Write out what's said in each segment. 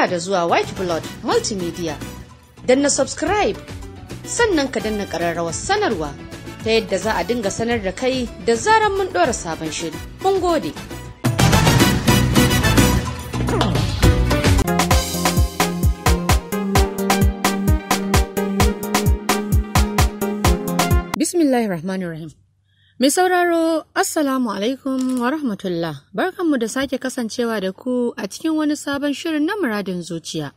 Barka da zuwa White Blood Multimedia. Danna subscribe sannan ka danna ƙararrawar sanarwa ta yadda za a dinga sanar da kai da zaran mun ɗora sabon shiri. Mun gode. Bismillahirrahmanirrahim. Mai sauraro, Assalamu alaikum wa rahmatullah, barkanmu da sake kasancewa da ku a cikin wani sabon shirin na muradin zuciya.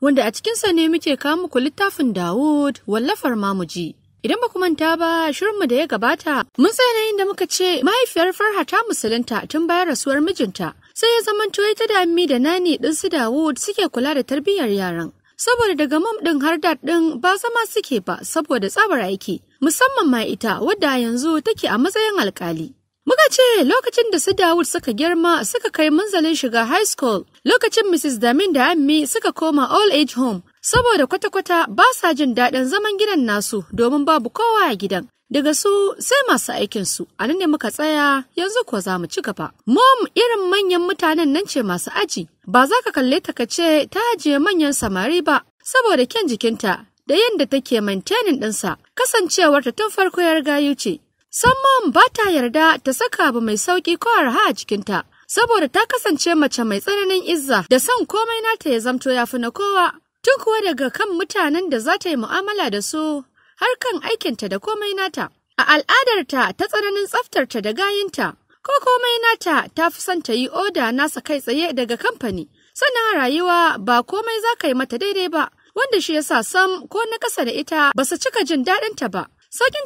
Wanda a cikinsa ne muke kawo muku littafin Dawud wallafar mamuji. Idan ba manta ba shirinmu da ya gabata, mun tsaya inda muka ce mahaifiyar Farha ta musulunta tun bayan rasuwar mijinta, sai ya zamanto ita da ammi da nani ɗin su Dawud suke kula da tarbiyyar yaran. Saboda daga mam ɗin har daɗin ɗin ba zama suke ba saboda tsabar aiki, musamman ma ita wadda yanzu take a matsayin alkali. Muka ce lokacin da su Dawud suka girma suka kai manzalin shiga high school, lokacin Mrs. Damin da Ammi suka koma All age home, saboda kwata-kwata ba sa jin daɗin zaman gidan nasu domin babu kowa a gidan. Daga su sai masu aikinsu, a nan ne muka tsaya yanzu kuwa za mu ci gaba. Mom irin manyan mutanen nan ce masu aji, ba za ka kalle ta ka ce ta ajiye manyan samari ba, saboda kyan jikinta da yadda take mantenin ɗinsa kasancewar ta tun farko ya gayu ce. Samman ba ta yarda ta saka abu mai sauƙi ko arha a jikinta, saboda ta kasance mace mai tsananin izza da son komai nata ya zamto ya fi na kowa. Tun kuwa daga kan mutanen da za ta yi mu'amala da su har kan aikinta da komai nata. A al'adarta ta tsananin tsaftarta da gayinta, ko komai nata ta fi son ta yi oda nasa kai tsaye daga kamfani. Sannan rayuwa ba komai za ka yi mata daidai ba, wanda shi yasa sam ko na kasa da ita ba su cika jin daɗin ta ba.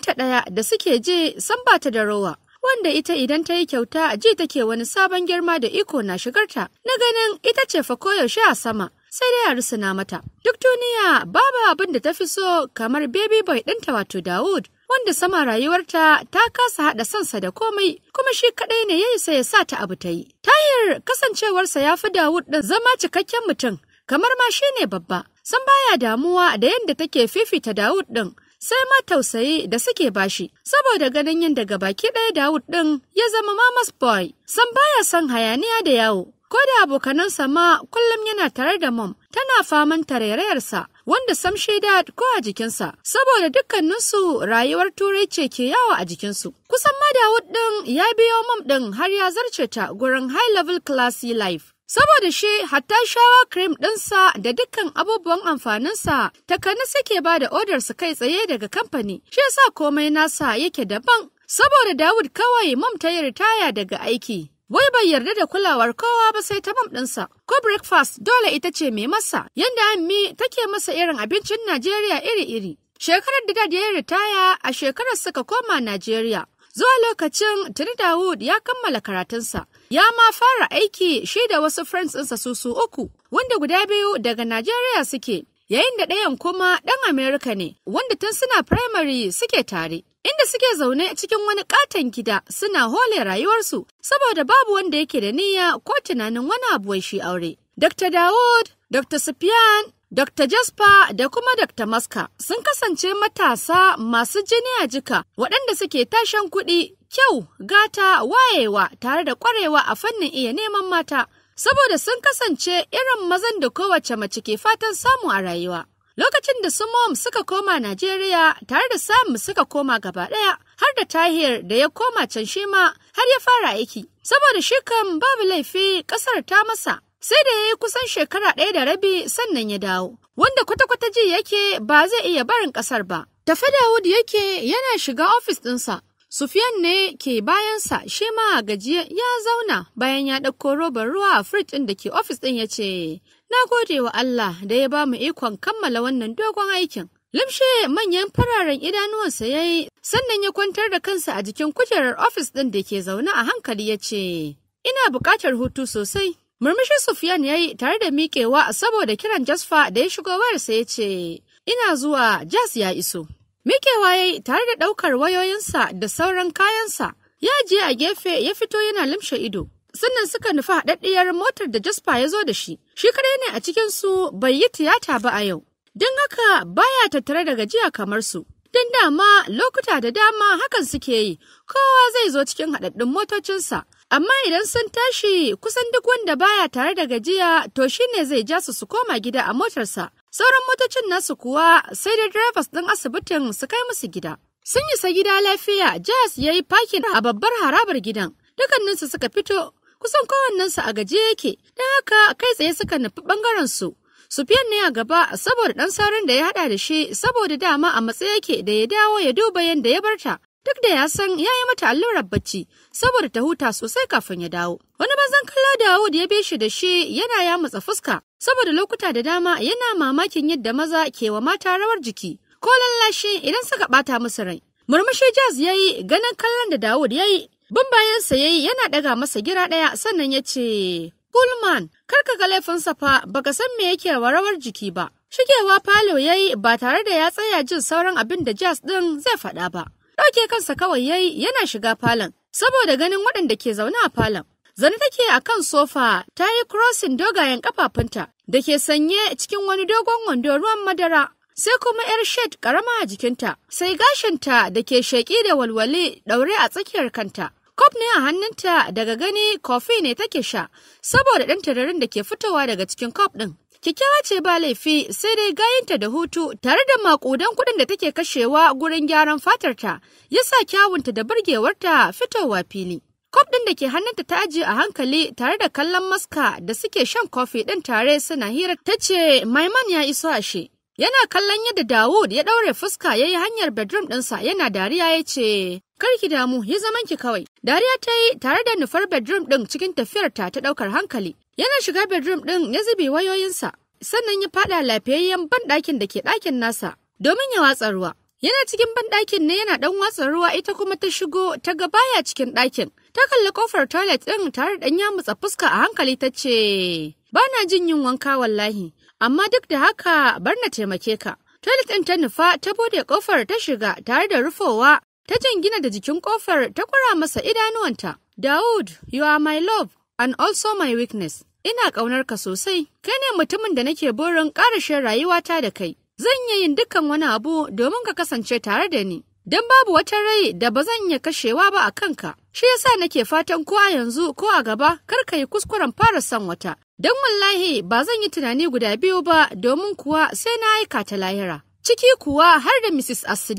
ta ɗaya da suke je san ba ta da rowa Wanda ita idan ta yi kyauta ji take wani sabon girma da iko na shigarta. Na ganin ita ce fa koyaushe a sama. sai dai a rusuna mata. Duk duniya babu abin da ta fi so kamar baby boy ɗinta wato Dawud. Wanda sama rayuwarta ta kasa haɗa sansa da komai kuma shi kaɗai ne ya sai ya sa ta abu ta yi. Tahir kasancewarsa ya fi Dawud ɗin zama cikakken mutum kamar ma shi ne babba. Sun baya damuwa da yadda take fifita Dawud ɗin sai ma tausayi da suke bashi saboda ganin yadda baki ɗaya Dawud ɗin ya zama mamas boy Sun baya son hayaniya da yawo ko da abokanansa ma kullum yana tare da mom tana faman tarairayarsa wanda sam shaida ko a jikinsa saboda dukkaninsu rayuwar turai ce ke yawo a jikinsu kusan ma Dawud ɗin ya biyo mom ɗin har ya zarce ta gurin high level classy life Saboda shi hatta shawa cream ɗinsa da dukkan abubuwan amfaninsa takanni suke ba da su kai tsaye daga kamfani, shi yasa komai nasa yake daban. Saboda Dawud kawai mum ta yi ritaya daga aiki. Wai bai yarda da kulawar kowa ba sai ta mam ɗinsa. Ko breakfast dole ita ce mai masa, yanda ammi take masa irin abincin Najeriya iri-iri. Shekarar da dad ya yi ritaya a shekarar suka koma Najeriya. Zuwa lokacin tuni Dawud ya kammala karatunsa, ya ma fara aiki shi da wasu friends ɗinsa su uku, wanda guda biyu daga Najeriya suke, yayin da ɗayan kuma ɗan Amerika ne, wanda tun suna primary suke tare. Inda suke zaune cikin wani katon gida suna hole rayuwarsu saboda babu wanda yake da niyya ko tunanin wani abu shi aure. Dr. Dawud, Dr. Sufyan Dr. Jasper da kuma Dr. Maska sun kasance matasa masu jini a jika waɗanda suke tashan kuɗi, kyau, gata, wayewa tare da ƙwarewa a fannin iya neman mata, saboda sun kasance irin mazan da kowace mace ke fatan samu a rayuwa. Lokacin da Sumom suka koma Najeriya tare da Sam suka koma gaba ɗaya, har da Tahir da ya koma can shima har ya fara aiki, saboda shi kan babu laifi ƙasar ta masa sai da ya kusan shekara ɗaya da rabi sannan ya dawo, wanda kwata-kwata ji yake ba zai iya barin ƙasar ba. Tafe Dawud yake yana shiga ofis ɗinsa, Sufiyan ne ke bayansa shi ma gajiya ya zauna bayan ya ɗauko robar ruwa a firij ɗin da ke ofis ɗin ya ce, Na gode wa Allah da ya ba mu ikon kammala wannan dogon aikin. Limshe manyan fararen idanuwansa ya yi, sannan ya kwantar da kansa a jikin kujerar ofis ɗin da ke zaune a hankali ya ce, Ina buƙatar hutu sosai, Murmushin Sufiyan ya yi tare da miƙewa saboda kiran Jasfa da ya shigo wayarsa ya ce, Ina zuwa Jas ya iso. Miƙewa ya yi tare da ɗaukar wayoyinsa da sauran kayansa, ya je a gefe ya fito yana limshe ido. Sannan suka nufi haɗaɗɗiyar motar da Jasfa ya zo da shi, shi kadai ne a cikinsu bai yi tiyata ba a yau. Don haka baya tattare da gajiya kamar su. Don dama lokuta da dama hakan suke yi, kowa zai zo cikin haɗaɗɗun motocinsa. Amma idan sun tashi kusan duk wanda baya tare da gajiya to shine zai ja su su koma gida a motarsa. Sauran motocin nasu kuwa sai da drivers din asibitin su kai musu gida. Sun isa gida lafiya, jas ya yi fakin a babbar harabar gidan. dukkaninsu suka fito, kusan kowannensu a gaje yake, don haka kai tsaye suka nufi ɓangaren su. Sufiyan ne a gaba saboda ɗan sauran da ya haɗa da shi saboda dama a matsayi yake da ya dawo ya duba yadda ya barta. duk da ya san ya yi mata allurar bacci saboda ta huta sosai kafin ya dawo. Wani bazan kallo Dawud ya be shi da shi yana ya matsa fuska saboda lokuta da dama yana mamakin yadda maza ke wa mata rawar jiki ko lallashi idan suka bata musu rai. Murmushi Jaz ya yi ganin kallon da Dawud ya yi bin bayansa ya yi yana ɗaga masa gira ɗaya sannan ya ce Kulman kar ka ga laifinsa fa baka san me yake wa rawar jiki ba. Shigewa falo ya yi ba tare da ya tsaya jin sauran abin da Jaz ɗin zai faɗa ba. Ɗauke kansa kawai yayi yana shiga falon saboda ganin waɗanda ke zaune a falon. Zane take a kan sofa ta yi crossing dogayen kafafunta da ke sanye cikin wani dogon wando ruwan madara. Sai kuma ‘yar shed karama a jikinta, sai gashinta da ke sheƙi da walwale ɗaure a tsakiyar kanta. Kof ne a hannunta daga gani kofi ne take sha, saboda ɗan tararin da ke fitowa daga cikin kof ɗin. Kikyawa ce ba laifi sai dai gayanta da hutu tare da makudan kuɗin da take kashewa gurin gyaran fatarta ya sa kyawunta da burgewarta fitowa fili. Kwaf ɗin da ke hannunta ta ajiye a hankali tare da kallon maska da suke shan kofi ɗin tare suna hira ta ce Maiman ya iso ashe. Yana kallon yadda Dawud ya ɗaure fuska ya yi hanyar bedroom ɗinsa yana dariya ya ce, Kar ki damu, yi zaman ki kawai. Dariya ta yi tare da nufar bedroom ɗin cikin tafiyarta ta ɗaukar hankali. Yana shiga bedroom ɗin ya zube wayoyinsa, sannan ya faɗa lafiyayyen banɗakin da ke ɗakin nasa domin ya watsa ruwa. Yana cikin banɗakin ne yana ɗan watsa ruwa ita kuma ta shigo ta ga baya cikin ɗakin. Ta kalli kofar toilet ɗin tare da ya mutsa fuska a hankali ta ce, Ba na jin yin wanka wallahi, amma duk da haka bar na taimake ka. Toilet ɗin ta nufa ta bude kofar ta shiga tare da rufowa ta jingina da jikin ƙofar ta kura masa idanuwanta. Daud, you are my love, and also my weakness. Ina ƙaunarka sosai, kai ne mutumin da nake burin ƙarashin rayuwata da kai. Zan iya yin dukkan wani abu domin ka kasance tare da ni, don babu wata rai da ba zan iya kashewa ba a kanka. Shi yasa nake fatan ko a yanzu ko a gaba kar ka yi kuskuren fara son wata. Don wallahi ba zan yi tunani guda biyu ba domin kuwa sai na aika ta lahira. Ciki kuwa har da Mrs. as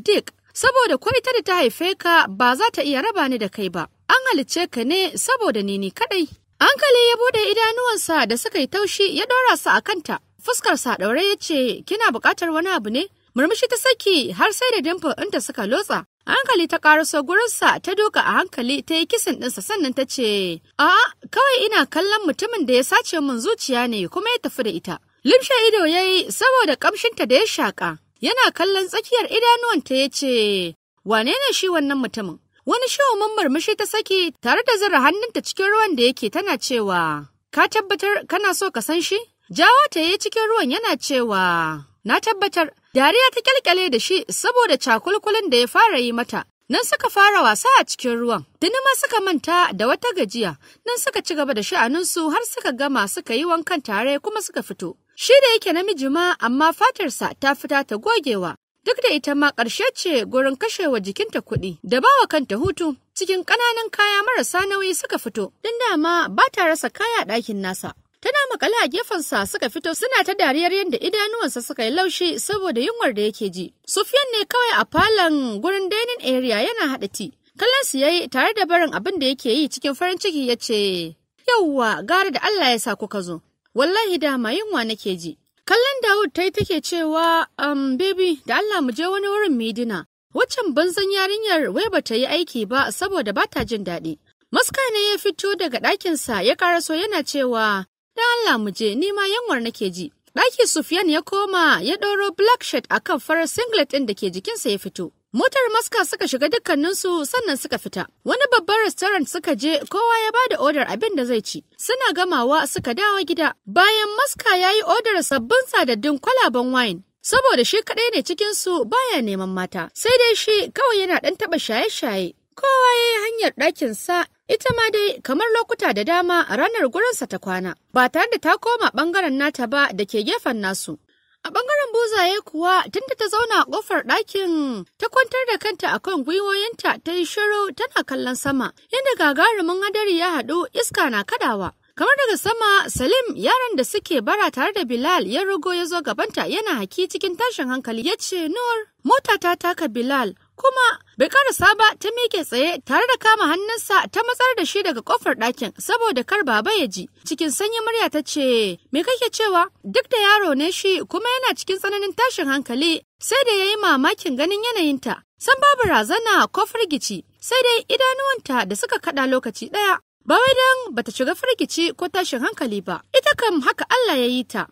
saboda ko ita da ta haife ka ba za ta iya raba ni da kai ba. An halicce ka ne saboda ni ni kadai. Hankali ya bude idanuwansa da suka yi taushi ya ɗora su a kanta. Fuskar sa ɗaure ya ce, Kina bukatar wani abu ne? Murmushi ta saki har sai da dimfin ta suka lotsa. hankali ta karaso gurinsa ta doka a hankali ta yi kisan ɗinsa sannan ta ce, A'a, kawai ina kallon mutumin da ya sace min zuciya ne kuma ya tafi da ita. Limshe ido ya yi saboda ƙamshinta da ya shaƙa. Yana kallon tsakiyar idanuwanta ya ce, Wane ne shi wannan mutumin? Wani shawamin murmushi ta sake, tare da zira hannunta cikin ruwan da yake tana cewa, Ka tabbatar kana so ka san shi? Jawo ta yi cikin ruwan yana cewa, Na tabbatar, dariya ta kyalkyale da shi saboda cakulkulin da ya fara yi mata. Nan suka fara wasa a cikin ruwan, tuni ma suka manta da wata gajiya, nan suka ci gaba da sha'aninsu har suka gama suka yi wankan tare kuma suka fito. Shi da yake namiji ma amma fatarsa ta fita ta gogewa, duk da ita ma ƙarshe ce gurin kashewa jikinta kuɗi da bawa kanta hutu cikin ƙananan kaya marasa nauyi suka fito don dama ba ta rasa kaya ɗakin nasa tana makale a gefen sa suka fito suna ta dariyar yadda idanuwansa suka yi laushi saboda yunwar da yake ji sufiyan ne kawai a falon gurin dining area yana haɗa ti kallon su yayi tare da barin abin da yake yi cikin farin ciki ya ce yauwa gara da allah ya sa kuka zo wallahi dama yunwa nake ji Kallon Dawud ta yi take cewa, um, baby, da Allah mu je wani wurin Medina. Waccan banzan yarinyar wai ba ta yi aiki ba saboda ba ta jin daɗi. Maska ne ya fito daga ɗakinsa ya karaso yana cewa, da Allah mu je, ni ma yanwar nake ji. Ɗaki Sufyan ya koma ya ɗoro black shirt a kan farar singlet ɗin da ke jikinsa ya fito. Motar maska suka shiga dukkaninsu sannan suka fita. Wani babban restaurant suka je kowa ya ba da odar abin da zai ci. Suna gamawa suka dawo gida. Bayan maska ya yi odar sabbin sadaddin kwalaben wine. Saboda shi kaɗai ne cikinsu baya neman mata. Sai dai shi kawai yana ɗan taɓa shaye-shaye. Kowa ya yi hanyar ɗakinsa ita ma dai kamar lokuta da dama ranar gurinsa ta kwana. Ba tare da ta koma ɓangaren nata ba da ke gefen nasu. A ɓangaren ya kuwa tunda ta zauna a ƙofar ɗakin ta kwantar da kanta a kan gwiwoyinta ta yi shiru tana kallon sama Yadda gagarumin hadari ya haɗu iska na kadawa. Kamar daga sama Salim yaran da suke bara tare da Bilal ya rugo ya zo gabanta yana haki cikin tashin hankali ya ce Nur mota ta taka Bilal kuma bai karasa ba ta miƙe tsaye tare da kama hannunsa ta matsar da shi daga kofar ɗakin saboda kar baba ya ji cikin sanyin murya ta ce me kake cewa duk da yaro ne shi kuma yana cikin tsananin tashin hankali sai da ya yi mamakin ganin yanayinta san babu razana ko firgici sai dai idanuwanta da suka kaɗa lokaci ɗaya ba wai dan bata shiga firgici ko tashin hankali ba ita kam haka Allah ya yi ta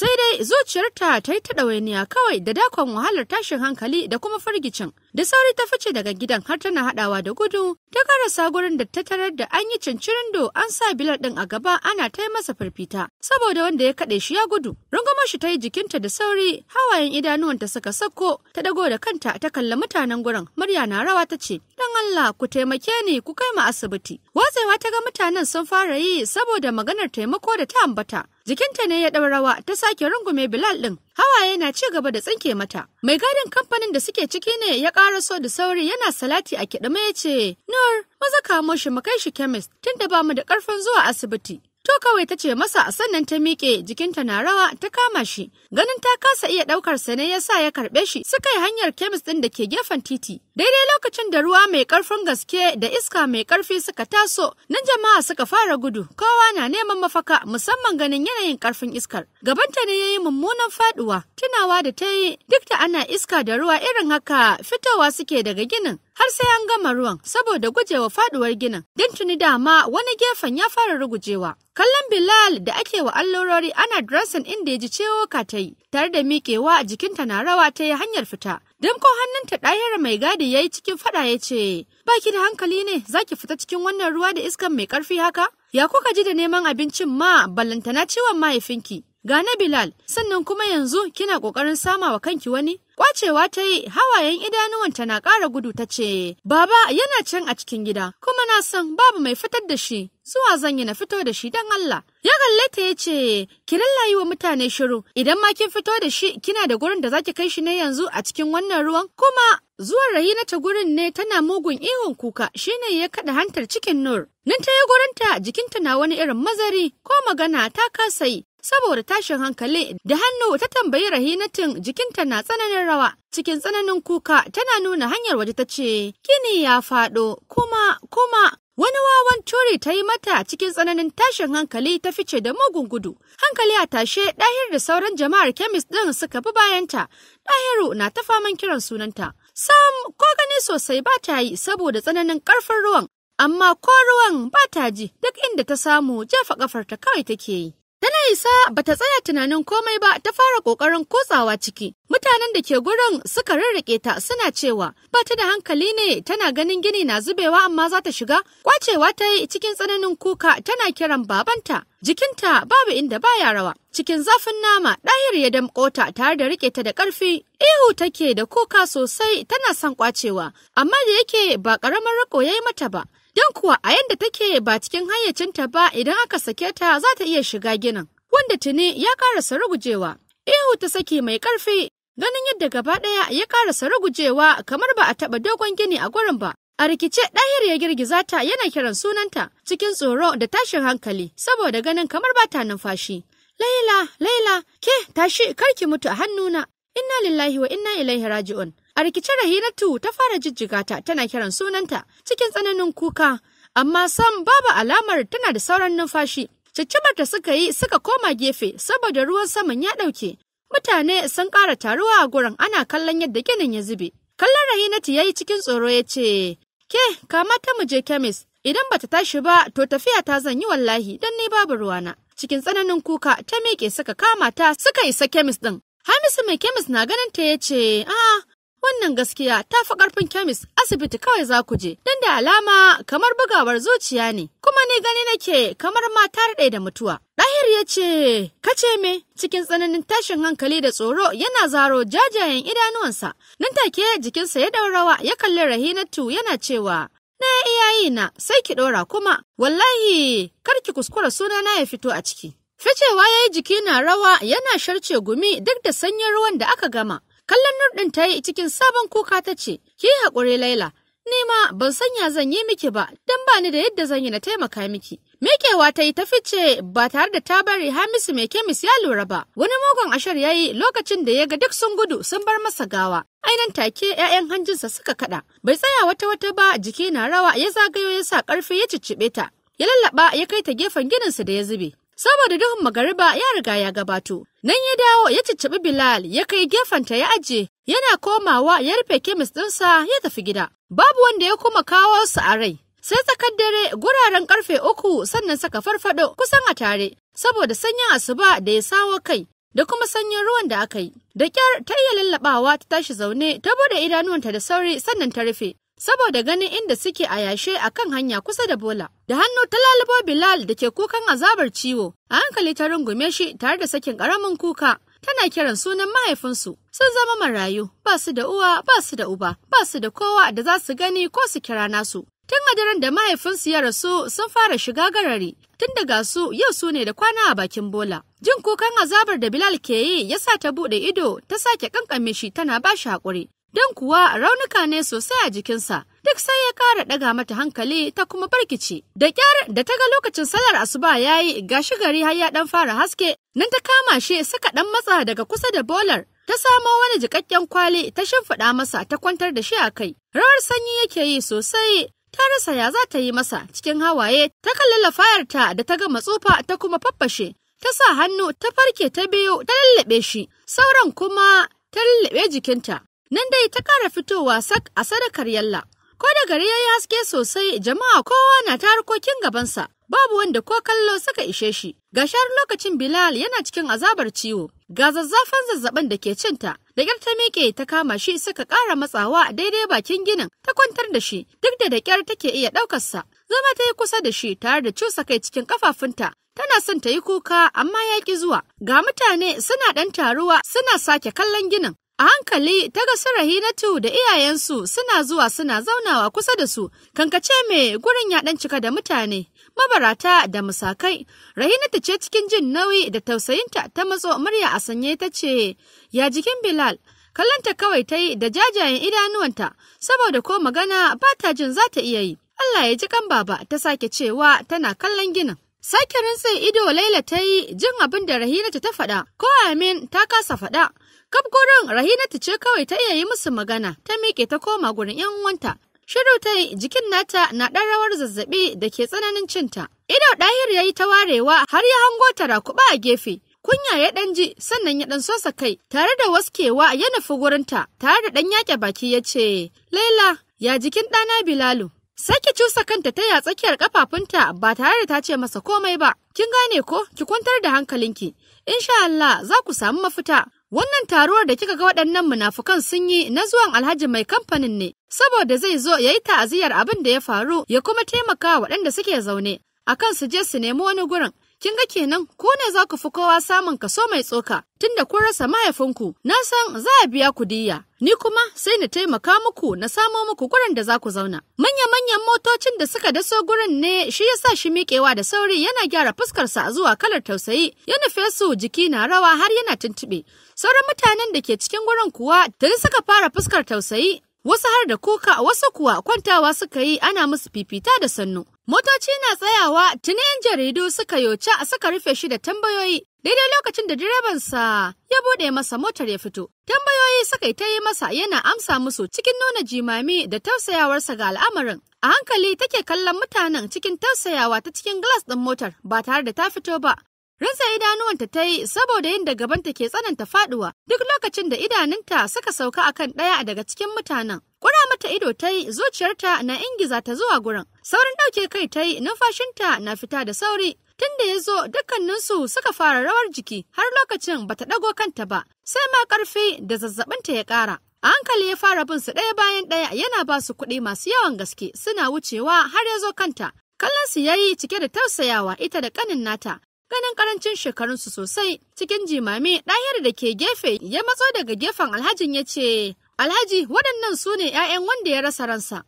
sai dai zuciyarta ta yi ta ɗawainiya kawai da dakon wahalar tashin hankali da kuma firgicin Da sauri ta fice daga gidan har tana haɗawa da gudu, ta karasa gurin da ta tarar da an yi cincirindo an sa bilar ɗin a gaba ana ta masa firfita, saboda wanda ya kaɗe shi ya gudu. Rungumar shi ta yi jikinta da sauri, hawayen idanuwanta suka sauko. ta dago da kanta ta kalla mutanen gurin, murya na rawa ta ce, Dan Allah ku taimake ni ku kai mu asibiti. Watsewa ta ga mutanen sun fara yi saboda maganar taimako da ta ambata. Jikinta ne ya ɗau rawa ta sake rungume Bilal ɗin hawaye na ci gaba da tsinke mata. Mai gadin kamfanin da suke ciki ne ya ƙara so da sauri yana salati a kiɗime ya ce, Nur, maza kamo shi mu kai shi kemis tunda ba mu da ƙarfin zuwa asibiti. To kawai ta ce masa sannan ta miƙe jikinta na rawa ta kama shi. Ganin ta kasa iya ɗaukar sa ne yasa ya karɓe shi suka yi hanyar kemis ɗin da ke gefen titi. Daidai lokacin da ruwa mai ƙarfin gaske da iska mai ƙarfi suka taso, na jama'a suka fara gudu, kowa na neman mafaka musamman ganin yanayin ƙarfin iskar. Gabanta ne ya yi mummunan faɗuwa, tunawa da ta yi duk da ana iska da ruwa irin haka fitowa suke daga ginin. har sai an gama ruwan saboda gujewa faɗuwar ginin don tuni dama wani gefen ya fara rugujewa Kallon Bilal da ake wa allurori ana dressing inda ya ji cewa ka ta yi, tare da miƙewa jikinta na rawa ta yi hanyar fita. ko hannunta ɗayar mai gadi ya yi cikin faɗa ya ce, ki da hankali ne za ki fita cikin wannan ruwa da iskan mai ƙarfi haka? Ya kuka ji da neman abincin ma ballantana ciwon mahaifinki. Gane Bilal, sannan kuma yanzu kina ƙoƙarin sama wa kanki wani? Kwacewa ta yi hawayen idanuwanta na ƙara gudu ta ce, Baba yana can a cikin gida, kuma na san babu mai fitar da shi, zuwa zan yi na fito da shi don Allah. Ya kalle ta ya ce, Ki lallayi wa mutane shiru, idan ma kin fito da shi kina da gurin da za ki kai shi ne yanzu a cikin wannan ruwan, kuma zuwan na ta gurin ne tana mugun ihun kuka shi ne ya kaɗa hantar cikin Nur. Nan ta yi gurinta jikinta na wani irin mazari ko magana ta kasa yi saboda tashin hankali da hannu ta tambayi rahinatin jikinta na tsananin rawa cikin tsananin kuka tana nuna hanyar waje ta ce gini ya faɗo kuma kuma wani wawan ture ta yi mata cikin tsananin tashin hankali ta fice da mugun gudu hankali a tashe ɗahir da sauran jama'ar kemis ɗin suka bi bayanta ɗahiru na ta faman kiran sunanta sam ko gani sosai ba ta yi saboda tsananin ƙarfin ruwan amma ko ruwan ba ta ji duk inda ta samu jefa ƙafarta kawai take yi Tana isa ta tsaya tunanin komai ba ta fara ƙoƙarin kotsawa ciki. Mutanen da ke gurin suka rarrake ta suna cewa ba ta da hankali ne tana ganin gini na zubewa amma za ta shiga. Kwacewa ta yi cikin tsananin kuka tana kiran babanta. Jikinta babu inda baya rawa. Cikin zafin nama ɗahir ya damƙo ta tare da riƙe ta da ƙarfi. Ihu take da kuka sosai tana son kwacewa amma da yake ba ƙaramin riko ya yi mata ba. Don kuwa a yadda take ba cikin hayyacinta ba idan aka sake ta za ta iya shiga ginin, wanda tuni ya karasa rugujewa. Ihu ta saki mai karfi ganin yadda gaba ɗaya ya karasa rugujewa kamar ba a taɓa dogon gini a gurin ba. A rikice ɗahir ya girgiza ta yana kiran sunanta cikin tsoro da tashin hankali saboda ganin kamar ba ta numfashi. Laila, Laila, ke tashi karki mutu a hannuna. Inna lillahi wa inna ilaihi raji'un. A rikice Rahinatu ta fara jijjigata tana kiran sunanta cikin tsananin kuka, amma sam babu alamar tana da sauran numfashi. Ciccibar ta suka yi suka koma gefe saboda ruwan saman ya ɗauke. Mutane sun ƙara taruwa a gurin ana kallon yadda ginin ya zube. Kallon Rahinatu ya yi cikin tsoro ya ce, Ke, kama ta muje je kemis, idan bata tashi ba to tafiya ta zan yi wallahi don ni babu ruwana. Cikin tsananin kuka ta miƙe suka kama ta suka isa kemis ɗin. Hamisu mai kemis na ganin ta ya ce, Ah! Wannan gaskiya ta fi ƙarfin kemis asibiti kawai za ku je, don da alama kamar bugawar zuciya ne, kuma ni gani nake kamar mata ta da mutuwa. Ɗahir ya ce, "Ka ce me cikin tsananin tashin hankali da tsoro yana zaro jajayen idanuwansa, nan take jikinsa ya ɗaurawa ya kalli Rahinatu yana cewa, na iyayi na sai ki ɗora kuma, wallahi kar ki kuskura sunana ya fito a ciki. Ficewa ya yi jiki na rawa yana sharce gumi duk da sanyin ruwan da aka gama. Kallon Nur ɗin ta yi cikin sabon kuka ta ce, Ki haƙuri Laila, ni ma ban sanya zan yi miki ba, don ba ni da yadda zan yi na taimaka miki. Mekewa ta yi ta fice ba tare da ta bari Hamisu mai kemis ya lura ba. Wani mugun ashar ya yi lokacin da ya ga duk sun gudu sun bar masa gawa. Ainan take 'ya'yan hanjinsa suka kaɗa? Bai tsaya wata wata ba jiki na rawa ya zagayo ya sa ƙarfi ya cicciɓe ta. Ya lallaɓa, ya kai ta gefen gininsa da ya zube. saboda duhun magariba ya riga ya gabato. Nan ya dawo ya cicciɓi Bilal ya kai gefenta ya aje yana komawa ya rufe kemis ɗinsa ya tafi gida. Babu wanda ya kuma kawo su a rai. Sai tsakar dare guraren karfe uku sannan saka farfado kusan a tare saboda sanyin asuba da ya sawo kai da kuma sanyin ruwan da aka yi. Da kyar ta iya lallabawa ta tashi zaune ta bude idanuwanta da sauri sannan ta rufe. saboda ganin inda suke a yashe a kan hanya kusa da bola. Da hannu ta lalubo Bilal da ke kukan azabar ciwo, a hankali ta rungume shi tare da sakin karamin kuka. Tana kiran sunan mahaifinsu, sun zama marayu, ba su da uwa, ba su da uba, ba su da kowa da za su gani ko su kira nasu. Tun a da mahaifinsu ya rasu sun fara shiga garari, tun daga su yau su ne da kwana a bakin bola. Jin kukan azabar da Bilal ke yi ya sa ta buɗe ido ta sake ƙanƙame shi tana ba shi haƙuri. don kuwa raunuka ne sosai a jikinsa. Duk sai ya kara ɗaga mata hankali ta kuma barkice. Da ƙyar da ta ga lokacin salar asuba ya yi gashi gari har ya ɗan fara haske, nan ta kama shi suka ɗan matsa daga kusa da bolar. ta samo wani jikakken kwali ta shimfiɗa masa ta kwantar da shi a kai. Rawar sanyi yake yi sosai, ta rasa ya za ta yi masa cikin hawaye, ta kalli lafayarta da ta gama tsufa ta kuma faffashe, ta sa hannu ta farke ta biyu ta lallaɓe shi, sauran kuma ta lallaɓe jikinta. Nan dai ta ƙara fitowa sak a sadakar yalla. Ko da gari ya yi haske sosai jama'a kowa na ta harkokin gabansa. babu wanda ko kallo suka ishe shi. Ga shar lokacin Bilal yana cikin azabar ciwo, ga zazzafan zazzaɓin da ke cinta, da ƙyar ta miƙe ta kama shi suka ƙara matsawa daidai bakin ginin ta kwantar da shi, duk da da ƙyar take iya ɗaukarsa. Zama ta yi kusa da shi tare da cusa kai cikin ƙafafunta, tana son ta yi kuka amma ya ƙi zuwa. Ga mutane suna ɗan taruwa suna sake kallon ginin. A hankali ta ga su Rahinatu da iyayensu suna zuwa suna zaunawa kusa da su, kankace mai gurin ya dan cika da mutane, mabarata da musakai. Rahinatu ce cikin jin nauyi da tausayinta ta matso murya a sanye ta ce, Ya jikin Bilal, kallonta kawai ta yi da jajayen idanuwanta, saboda ko magana ba ta jin za ta iya yi. Allah ya ji kan baba ta sake cewa tana kallon ginin. Sake rinsa ido Laila ta yi jin abin da Rahinatu ta faɗa, ko Amin ta kasa faɗa. Kaf Rahina Rahinatu ce kawai ta iya yi musu magana, ta miƙe ta koma gurin 'yan uwanta. Shiru ta yi jikin nata na ɗan rawar zazzaɓi da ke tsananin cinta. Ido ɗahir ya yi ta warewa har ya hango ta rakuɓa a gefe. Kunya ya ɗan ji sannan ya ɗan sosa kai tare da waskewa ya nufi gurinta tare da ɗan yaƙe baki ya ce, Laila, ya jikin ɗana Bilalu. Sake cusa kanta ta ya tsakiyar kafafunta ba tare da ta ce masa komai ba. Kin gane ko ki kwantar da hankalinki. Insha Allah za ku samu mafita. Wannan taruwar da kika ga waɗannan munafukan sun yi na zuwan Alhaji mai kamfanin ne, saboda zai zo ya yi ta'aziyar abin da ya faru ya kuma taimaka waɗanda suke zaune, akan su je su nemi wani gurin. Kin ga kenan ko ne za ku fi kowa samun kaso mai tsoka tunda kun rasa mahaifinku na san za a biya ku diya. Ni kuma sai na taimaka muku na samo muku gurin da za ku zauna. Manya-manyan motocin da suka daso gurin ne shi ya sa shi miƙewa da sauri yana gyara fuskarsa zuwa kalar tausayi ya nufe su jiki na rawa har yana tuntuɓe. Sauran mutanen da ke cikin gurin kuwa tuni suka fara fuskar tausayi, wasu har da kuka, wasu kuwa kwantawa suka yi ana musu fifita da sannu. Motoci na tsayawa tuni yan jaridu suka a suka rufe shi da tambayoyi daidai lokacin da direban sa ya bude masa motar ya fito. Tambayoyi suka yi ta yi masa yana amsa musu cikin nuna jimami da tausayawarsa ga al'amarin. A hankali take kallon mutanen cikin tausayawa ta cikin glass ɗin motar ba tare da ta fito ba. Ransa idanuwanta ta yi saboda yin da gabanta ke tsananta faduwa duk lokacin da idanunta suka sauka a kan ɗaya daga cikin mutanen. Ƙura mata ido ta yi zuciyarta na ingiza ta zuwa gurin. Saurin ɗauke kai ta yi numfashinta na fita da sauri. Tun da ya zo dukkaninsu suka fara rawar jiki har lokacin bata ɗago kanta ba sai ma ƙarfi da zazzabinta ya ƙara. A hankali ya fara bin su ɗaya bayan ɗaya yana ba su kuɗi masu yawan gaske suna wucewa har ya zo kanta. Kallon su yayi cike da tausayawa ita da ƙanin nata ganin karancin shekarunsu sosai cikin jimami ɗahir da ke gefe ya matso daga gefen alhajin ya ce alhaji waɗannan su ne 'ya'yan wanda ya rasa ransa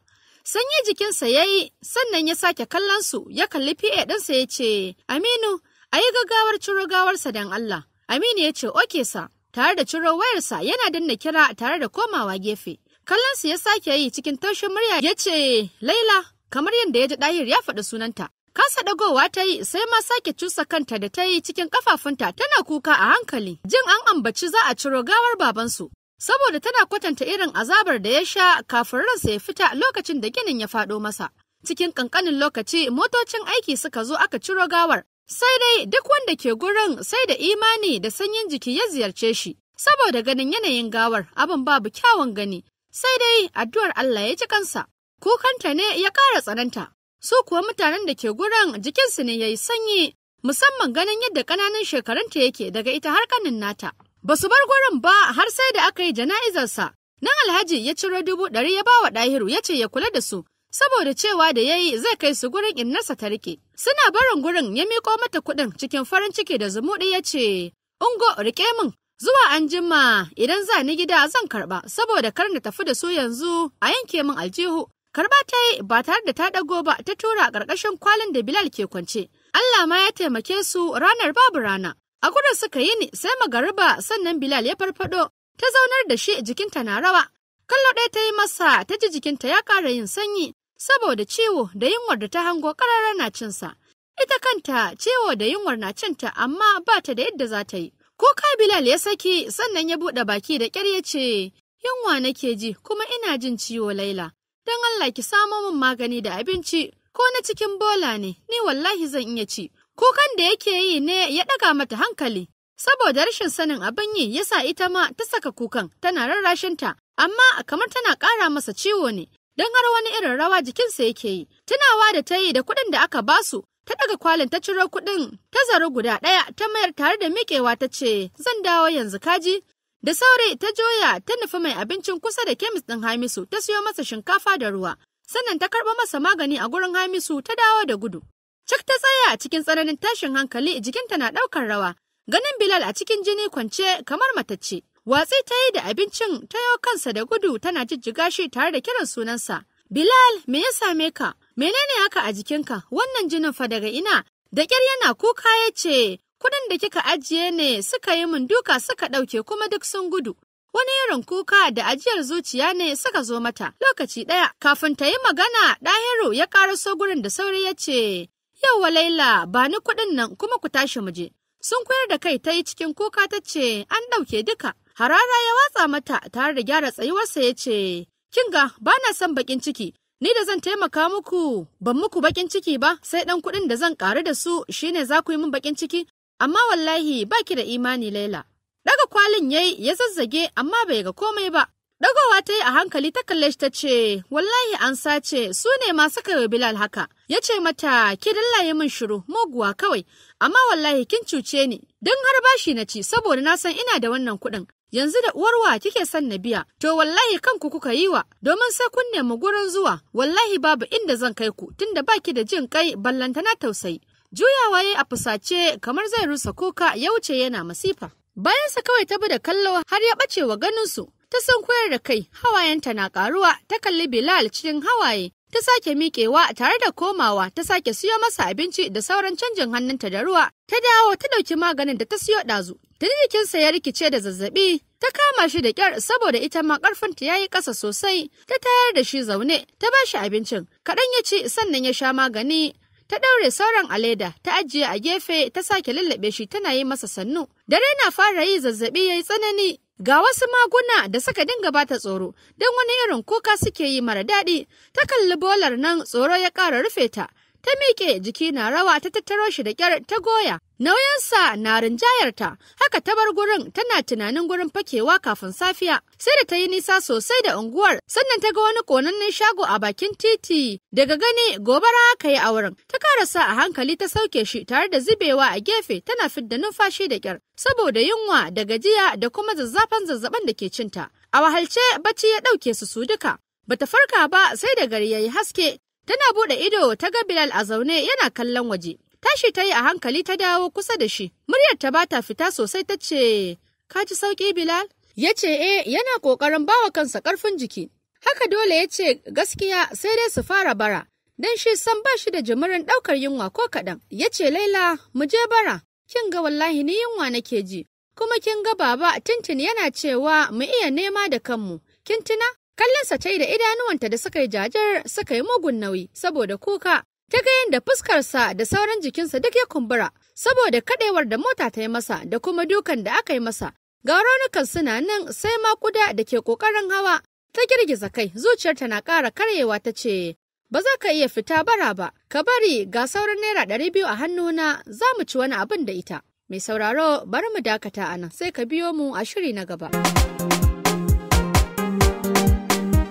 sanyi jikinsa ya yi sannan ya sake kallonsu ya kalli pa ɗinsa ya ce aminu a yi gaggawar ciro gawarsa don allah aminu ya ce oke sa tare da ciro wayarsa yana danna kira tare da komawa gefe kallonsa ya sake yi cikin taushin murya ya ce laila kamar yadda ya ji ɗahir ya faɗi sunanta Kasa dagowa ta yi sai ma sake cusa kanta da ta yi cikin kafafunta tana kuka a hankali. Jin an ambaci za a ciro gawar babansu. Saboda tana kwatanta irin azabar da ya sha kafin ransa ya fita lokacin da ginin ya faɗo masa. Cikin ƙanƙanin lokaci motocin aiki suka zo aka ciro gawar. Sai dai duk wanda ke gurin sai da imani da sanyin jiki ya ziyarce shi. Saboda ganin yanayin gawar abin babu kyawun gani. Sai dai addu'ar Allah ya ji kansa. Kukanta ne ya ƙara tsananta. su kuwa mutanen da ke gurin jikinsu ne ya yi sanyi musamman ganin yadda ƙananan shekarunta yake daga ita har ƙanin nata. Ba su bar gurin ba har sai da aka yi jana'izarsa. Nan Alhaji ya ciro dubu ɗari ya bawa ɗahiru ya ce ya kula da su saboda cewa da ya yi zai kai su gurin innarsa ta rike. Suna barin gurin ya miƙo mata kuɗin cikin farin ciki da zumuɗi ya ce, Ungo, riƙe min, zuwa an jima idan za ni gida zan karɓa saboda kar na tafi da su yanzu a yanke min aljihu. Karba ta yi ba tare da ta ɗago ba ta tura ƙarƙashin kwalin da Bilal ke kwance. Allah ma ya taimake su ranar babu rana. A gudun suka yi ni sai magariba sannan Bilal ya farfaɗo. ta zaunar da shi jikinta na rawa. Kallo ɗaya ta yi masa ta ji jikinta ya ƙara yin sanyi saboda ciwo da yunwar da ta hango ƙararra na cinsa. Ita kanta ciwo da yunwar na cinta amma ba ta da yadda za ta yi. Kuka Bilal ya saki sannan ya buɗe baki da ƙyar ya ce, Yunwa nake ji kuma ina jin ciwo Laila. don Allah ki samo min magani da abinci ko na cikin bola ne ni wallahi zan iya ci kukan da yake yi ne ya ɗaga mata hankali saboda rashin sanin abin yi yasa ita ma ta saka kukan tana rarrashinta amma kamar tana ƙara masa ciwo ne don har wani irin rawa jikinsa yake yi tunawa da ta yi da kuɗin da aka basu ta ɗaga kwalin ta ciro kuɗin ta zaru guda ɗaya ta mayar tare da miƙewa ta ce zan dawo yanzu kaji Da sauri, ta joya ta nufi mai abincin kusa da kemis ɗin Hamisu ta siyo masa shinkafa da ruwa, sannan ta karɓo masa magani a gurin Hamisu ta dawo da gudu. Cik ta tsaya a cikin tsananin tashin hankali jikinta na ɗaukar rawa, ganin Bilal a cikin jini kwance kamar matacce. Watsi ta yi da abincin ta yo kansa da gudu tana jijjiga shi tare da kiran sunansa. Bilal, me ya same ka? Menene haka a jikinka? Wannan jinin fa daga ina? Da kyar yana kuka ya ce, Kudin da kika ajiye ne suka yi mun duka suka ɗauke kuma duk sun gudu. Wani irin kuka da ajiyar zuciya ne suka zo mata lokaci ɗaya kafin ta yi magana ɗahiru ya ƙaraso gurin da sauri ya ce, Yauwa Laila ba ni kuɗin nan kuma ku tashi mu je. Sun koyar da kai ta yi cikin kuka ta ce an ɗauke duka. Harara ya watsa mata tare da gyara tsayuwarsa ya ce, Kinga ba na son bakin ciki, ni da zan taimaka muku ban muku bakin ciki ba sai ɗan kuɗin da zan ƙaru da su shine za ku yi min bakin ciki amma wallahi ba ki da imani Laila. Daga kwalin yayi ya zazzage amma bai ga komai ba. Dagowa ta yi a hankali ta kalle shi ta ce, Wallahi an sace su ne masu kaiwa Bilal haka. Ya ce mata, ki dallaye min shiru, muguwa kawai, amma wallahi kin cuce ni, don har bashi na ci saboda na san ina da wannan kuɗin. Yanzu da uwarwa kike son na biya, to wallahi kanku kuka yi wa, domin sai kun nemi gurin zuwa, wallahi babu inda zan kai ku, tunda baki da jin kai ballantana tausayi. Juyawa ya a fusace kamar zai rusa kuka ya wuce yana masifa. Bayansa kawai ta da kallo har ya ɓace wa ganinsu. Ta sun koyar da kai, hawayenta na ƙaruwa, ta kalli Bilal cikin hawaye, ta sake miƙewa tare da komawa ta sake siyo masa abinci da sauran canjin hannunta da ruwa ta dawo ta ɗauki maganin da ta siyo ɗazu Ta jikinsa ya rikice da zazzaɓi ta kama shi da kyar. saboda ita ma ƙarfinta ya yi ƙasa sosai ta tayar da shi zaune ta ba shi abincin kaɗan ya ci sannan ya sha magani ta ɗaure sauran a ta ajiye a gefe ta sake lallaɓe shi tana yi masa sannu dare na fara yi zazzaɓi ya yi tsanani ga wasu maguna da suka dinga bata tsoro don wani irin kuka suke yi mara daɗi ta kalli bolar nan tsoro ya ƙara rufe ta ta miƙe jiki na rawa ta tattaro shi da kyar ta goya nauyinsa na rinjayarta haka ta bar gurin tana tunanin gurin fakewa kafin safiya sai da ta yi nisa sosai da unguwar sannan ta ga wani konannen shago a bakin titi daga gani gobara aka yi a wurin ta karasa a hankali ta sauke shi tare da zubewa a gefe tana fidda numfashi da kyar saboda yunwa da gajiya da kuma zazzafan zazzaɓan da ke cinta a wahalce bacci ya ɗauke su su duka bata farka ba sai da gari ya yi haske Tana buɗe ido ta ga Bilal a zaune yana kallon waje. Tashi ta yi a hankali ta dawo kusa da shi. Muryar ta bata fita sosai ta ce, Ka ji sauƙi Bilal? Ya ce, E, yana ƙoƙarin bawa kansa ƙarfin jiki. Haka dole ya ce gaskiya sai dai su fara bara. Dan shi san ba shi da jimirin ɗaukar yunwa ko kaɗan. Ya ce, Laila, mu je bara. Kin ga wallahi ni yunwa nake ji. Kuma kin ga baba tintini yana cewa mu iya nema da kanmu. Kin tuna? Kallonsa ta da idanuwanta da suka yi jajar suka yi mugun nauyi saboda kuka. Ta ga yadda fuskarsa da sauran jikinsa duk ya kumbura saboda kadewar da mota ta yi masa da kuma dukan da aka yi masa. Ga raunukan suna nan sai makuda da ke ƙoƙarin hawa. Ta girgiza kai zuciyarta na kara karyewa ta ce, Ba za ka iya fita bara ba, ka bari ga sauran naira ɗari biyu a hannuna za mu ci wani abin da ita. Mai sauraro bari mu dakata a nan sai ka biyo mu a shiri na gaba.